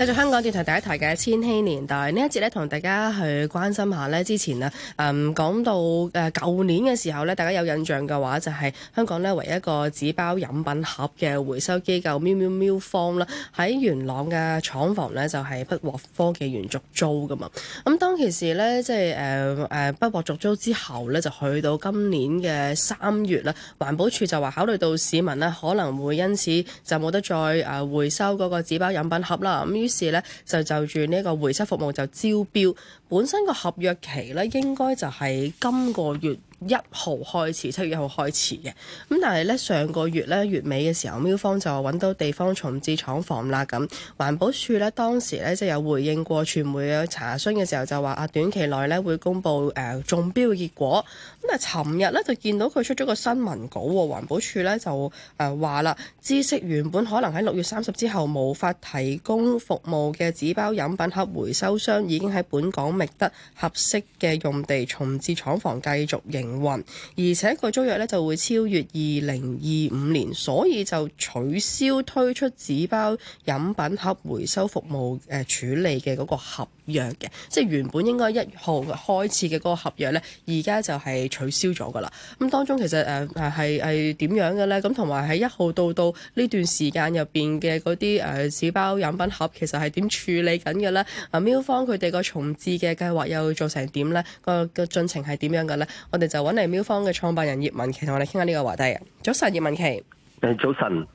繼續香港電台第一台嘅千禧年代呢一節咧，同大家去關心一下呢之前啊，嗯，講到誒舊年嘅時候呢，大家有印象嘅話，就係、是、香港呢唯一,一個紙包飲品盒嘅回收機構喵喵喵方啦，喺元朗嘅廠房呢，就係、是、不獲科技園續租噶嘛。咁、嗯、當其時呢，即係誒誒不獲續租之後呢，就去到今年嘅三月咧，環保署就話考慮到市民呢可能會因此就冇得再誒回收嗰個紙包飲品盒啦。咁事咧，就就住呢個回收服務就招標，本身個合約期咧應該就係今個月，一號開始，七月一號開始嘅。咁但係咧，上個月咧月尾嘅時候，喵坊就揾到地方重置廠房啦。咁，環保署咧當時咧即係有回應過傳媒嘅查詢嘅時候，就話啊，短期內咧會公布誒中標結果。咁啊，尋日咧就見到佢出咗個新聞稿，環保署咧就誒話啦，知識原本可能喺六月三十之後無法提供服務嘅紙包飲品盒回收箱，已經喺本港覓得合適嘅用地，重置廠房繼續營運，而且個租約咧就會超越二零二五年，所以就取消推出紙包飲品盒回收服務誒處理嘅嗰個合約嘅，即係原本應該一號開始嘅嗰個合約咧，而家就係取消咗㗎喇。咁當中其實誒誒係係點樣嘅咧？咁同埋喺一號到到呢段時間入邊嘅嗰啲誒紙包飲品盒，其實係點處理緊嘅咧？啊，喵坊佢哋個重置嘅計劃又做成點咧？那個個進程係點樣嘅咧？我哋就。揾嚟喵坊嘅創辦人葉文琪同我哋傾下呢個話題。早晨，葉文琪。誒安，早晨。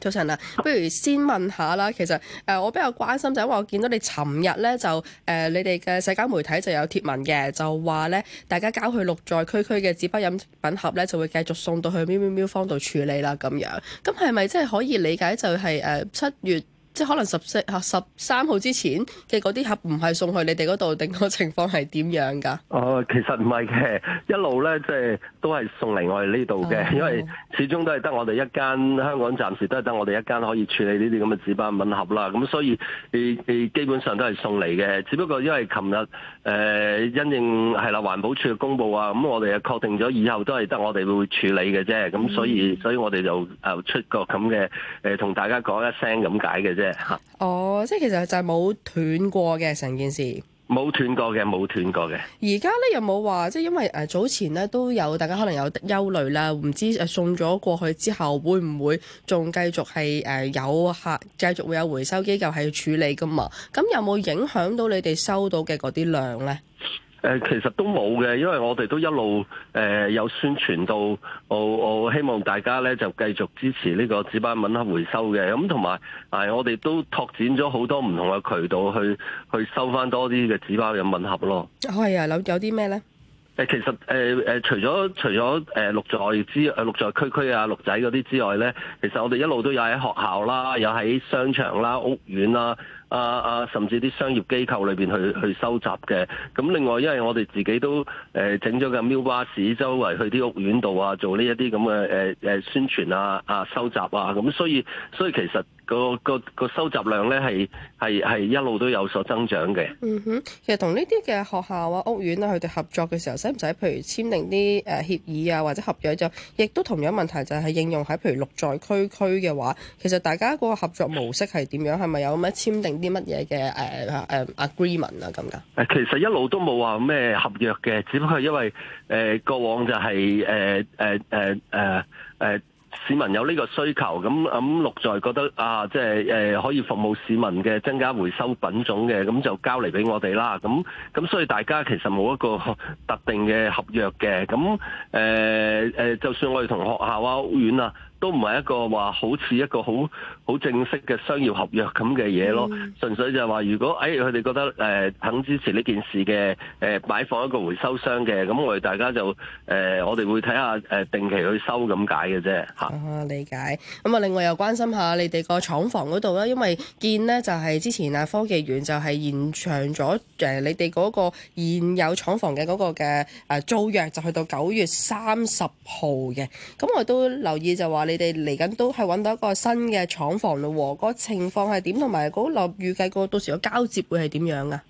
早晨啊，不如先問下啦。其實誒、呃，我比較關心就係因為我見到你尋日咧就誒、呃，你哋嘅社交媒體就有貼文嘅，就話咧大家交去綠在區區嘅紙包飲品盒咧，就會繼續送到去喵喵喵坊度處理啦。咁樣，咁係咪即係可以理解就係誒七月？即係可能十四嚇十三號之前嘅嗰啲盒唔係送去你哋嗰度，定個情況係點樣㗎？哦，其實唔係嘅，一路咧即係都係送嚟我哋呢度嘅，哎、因為始終都係得我哋一間香港，暫時都係得我哋一間可以處理呢啲咁嘅紙包飲品盒啦。咁所以誒誒，基本上都係送嚟嘅。只不過因為琴日誒因應係啦，環保署嘅公佈啊，咁我哋啊確定咗以後都係得我哋會處理嘅啫。咁所以、嗯、所以我哋就誒出個咁嘅誒同大家講一聲咁解嘅啫。哦，即係其實就係冇斷過嘅，成件事，冇斷過嘅，冇斷過嘅。而家呢，有冇話，即係因為誒早前呢都有大家可能有憂慮啦，唔知誒送咗過去之後會唔會仲繼續係誒有客繼續會有回收機構係處理噶嘛？咁有冇影響到你哋收到嘅嗰啲量呢？其實都冇嘅，因為我哋都一路誒、呃、有宣傳到，我我希望大家咧就繼續支持呢個紙包飲品盒回收嘅，咁同埋我哋都拓展咗好多唔同嘅渠道去去收翻多啲嘅紙包飲品盒咯。係啊，有有啲咩咧？其實誒、呃、除咗除咗誒綠在之綠在區區啊、綠仔嗰啲之外咧，其實我哋一路都有喺學校啦，有喺商場啦、屋苑啦。啊啊！甚至啲商業機構裏邊去去收集嘅。咁另外因為我哋自己都誒整咗個喵巴士，周圍去啲屋苑度啊，做呢一啲咁嘅誒誒宣傳啊啊收集啊，咁所以所以其實。那個個、那個收集量咧係係係一路都有所增長嘅。嗯哼，其實同呢啲嘅學校啊、屋苑啦、啊，佢哋合作嘅時候，使唔使譬如簽訂啲誒協議啊，或者合約就、啊、亦都同樣問題、就是，就係應用喺譬如綠在區區嘅話，其實大家個合作模式係點樣？係咪有咩簽訂啲乜嘢嘅誒誒 agreement 啊？咁噶？其實一路都冇話咩合約嘅，只不過因為誒、呃、過往就係誒誒市民有呢個需求，咁咁陸在覺得啊，即係誒可以服務市民嘅增加回收品種嘅，咁就交嚟俾我哋啦。咁咁所以大家其實冇一個特定嘅合約嘅。咁誒誒，就算我哋同學校啊、醫院啊。都唔係一個話好似一個好好正式嘅商業合約咁嘅嘢咯，純粹就係話如果誒佢哋覺得誒、呃、肯支持呢件事嘅，誒擺放一個回收箱嘅，咁我哋大家就誒、呃、我哋會睇下誒、呃、定期去收咁解嘅啫吓。理解。咁啊，另外又關心下你哋個廠房嗰度啦，因為見咧就係之前啊科技園就係延長咗誒你哋嗰個現有廠房嘅嗰個嘅誒租約就去到九月三十號嘅。咁我都留意就話。你。你哋嚟緊都係揾到一個新嘅廠房咯，嗰個情況係點？同埋嗰個預計過到時個交接會係點樣啊？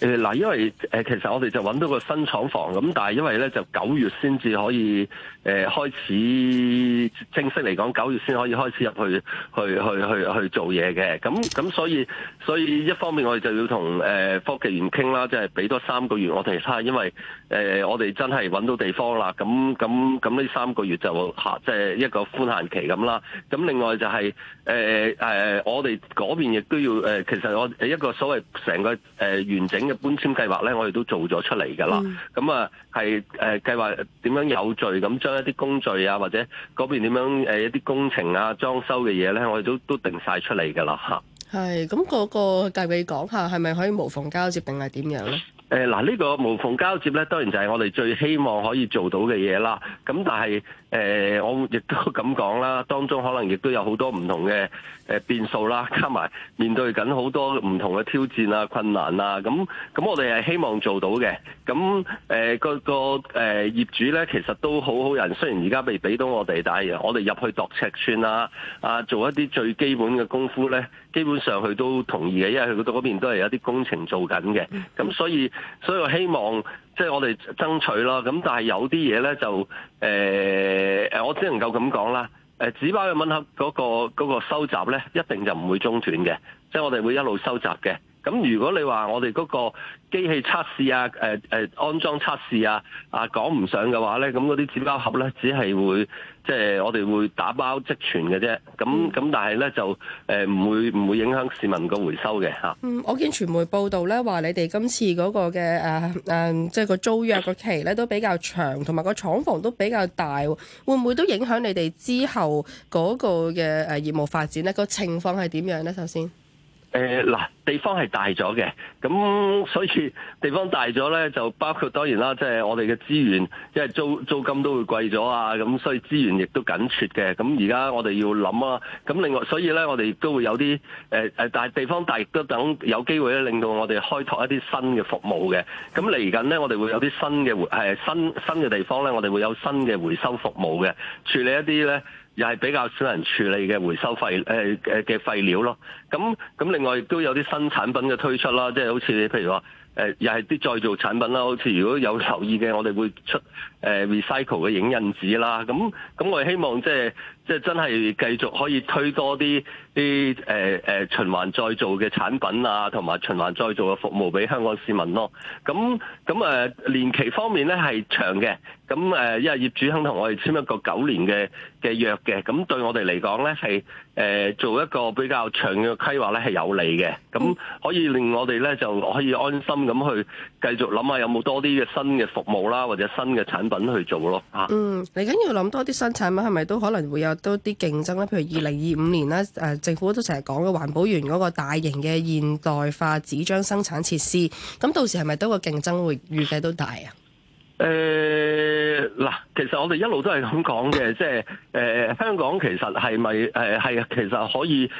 誒嗱、呃，因為誒、呃、其實我哋就揾到個新廠房咁，但係因為咧就九月先至可以誒、呃、開始正式嚟講，九月先可以開始入去去去去去做嘢嘅。咁咁所以所以一方面我哋就要同誒、呃、科技園傾啦，即係俾多三個月我哋，啊，因為誒、呃、我哋真係揾到地方啦。咁咁咁呢三個月就下即係一個寬限期咁啦。咁另外就係誒誒我哋嗰邊亦都要誒、呃，其實我一個所謂成個誒、呃、完整。嘅搬遷計劃咧，我哋都做咗出嚟噶啦。咁啊、嗯，係誒計劃點樣有序咁將一啲工序啊，或者嗰邊點樣誒、呃、一啲工程啊、裝修嘅嘢咧，我哋都都定晒出嚟噶啦吓，係咁，嗰個計介你講下，係咪可以無縫交接，定係點樣咧？嗯誒嗱，呢個無縫交接咧，當然就係我哋最希望可以做到嘅嘢啦。咁但係誒、呃，我亦都咁講啦，當中可能亦都有好多唔同嘅變數啦，加埋面對緊好多唔同嘅挑戰啊、困難啊。咁咁，我哋係希望做到嘅。咁誒、呃那個個誒、呃、業主咧，其實都好好人，雖然而家未俾到我哋，但係我哋入去度尺寸啊，啊，做一啲最基本嘅功夫咧。基本上佢都同意嘅，因為佢嗰邊都係有啲工程做緊嘅，咁所以所以我希望即係我哋爭取啦。咁但係有啲嘢咧就誒誒我只能夠咁講啦。誒，紙包嘅蚊盒嗰個嗰個收集咧，一定就唔會中斷嘅，即係我哋會一路收集嘅。咁如果你話我哋嗰個機器測試啊，誒、啊、誒、啊、安裝測試啊，啊講唔上嘅話咧，咁嗰啲紙包盒咧，只係會即係我哋會打包積存嘅啫。咁咁，但係咧就誒唔會唔會影響市民個回收嘅嚇。嗯，我見傳媒報道咧話，你哋今次嗰個嘅誒即係個租約個期咧都比較長，同埋個廠房都比較大，會唔會都影響你哋之後嗰個嘅誒業務發展咧？個情況係點樣咧？首先。誒嗱、呃，地方係大咗嘅，咁所以地方大咗咧，就包括當然啦，即、就、係、是、我哋嘅資源，因為租租金都會貴咗啊，咁所以資源亦都緊缺嘅。咁而家我哋要諗啊，咁另外，所以咧我哋亦都會有啲誒、呃、但係地方大亦都等有機會咧，令到我哋開拓一啲新嘅服務嘅。咁嚟緊咧，我哋會有啲新嘅回係新新嘅地方咧，我哋會有新嘅回收服務嘅，處理一啲咧。又係比較少人處理嘅回收廢誒誒嘅廢料咯，咁咁另外亦都有啲新產品嘅推出啦，即係好似你，譬如話誒，又係啲再造產品啦，好似如果有留意嘅，我哋會出、呃、recycle 嘅影印紙啦，咁咁我哋希望即係即係真係繼續可以推多啲啲誒誒循環再造嘅產品啊，同埋循環再造嘅服務俾香港市民咯，咁咁誒年期方面咧係長嘅。咁誒，因為業主肯同我哋簽一個九年嘅嘅約嘅，咁對我哋嚟講咧係誒做一個比較長嘅規劃咧係有利嘅，咁可以令我哋咧就可以安心咁去繼續諗下有冇多啲嘅新嘅服務啦，或者新嘅產品去做咯嚇。嗯，嚟緊要諗多啲新產品，係咪都可能會有多啲競爭咧？譬如二零二五年咧，誒、啊、政府都成日講嘅環保園嗰個大型嘅現代化紙張生產設施，咁到時係咪都個競爭會預計都大啊？誒、欸。嗱，其實我哋一路都係咁講嘅，即係、呃、香港其實係咪誒係其實可以誒、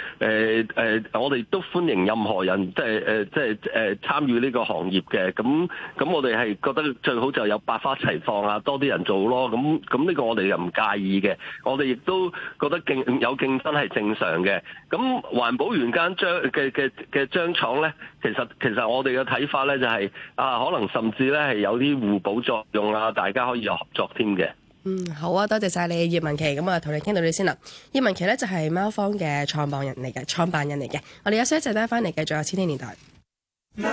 呃呃、我哋都歡迎任何人，即係、呃、即係誒、呃、參與呢個行業嘅。咁咁我哋係覺得最好就有百花齊放啊，多啲人做咯。咁咁呢個我哋又唔介意嘅。我哋亦都覺得競有競爭係正常嘅。咁環保園間張嘅嘅嘅張廠咧？其實其實我哋嘅睇法咧就係、是、啊，可能甚至咧係有啲互補作用啊，大家可以有合作添嘅。嗯，好啊，多謝晒你葉文琪，咁啊同你傾到你先啦。葉文琪咧就係、是、喵坊嘅創辦人嚟嘅，創辦人嚟嘅。我哋休息一陣，返嚟繼續千禧年代。嗯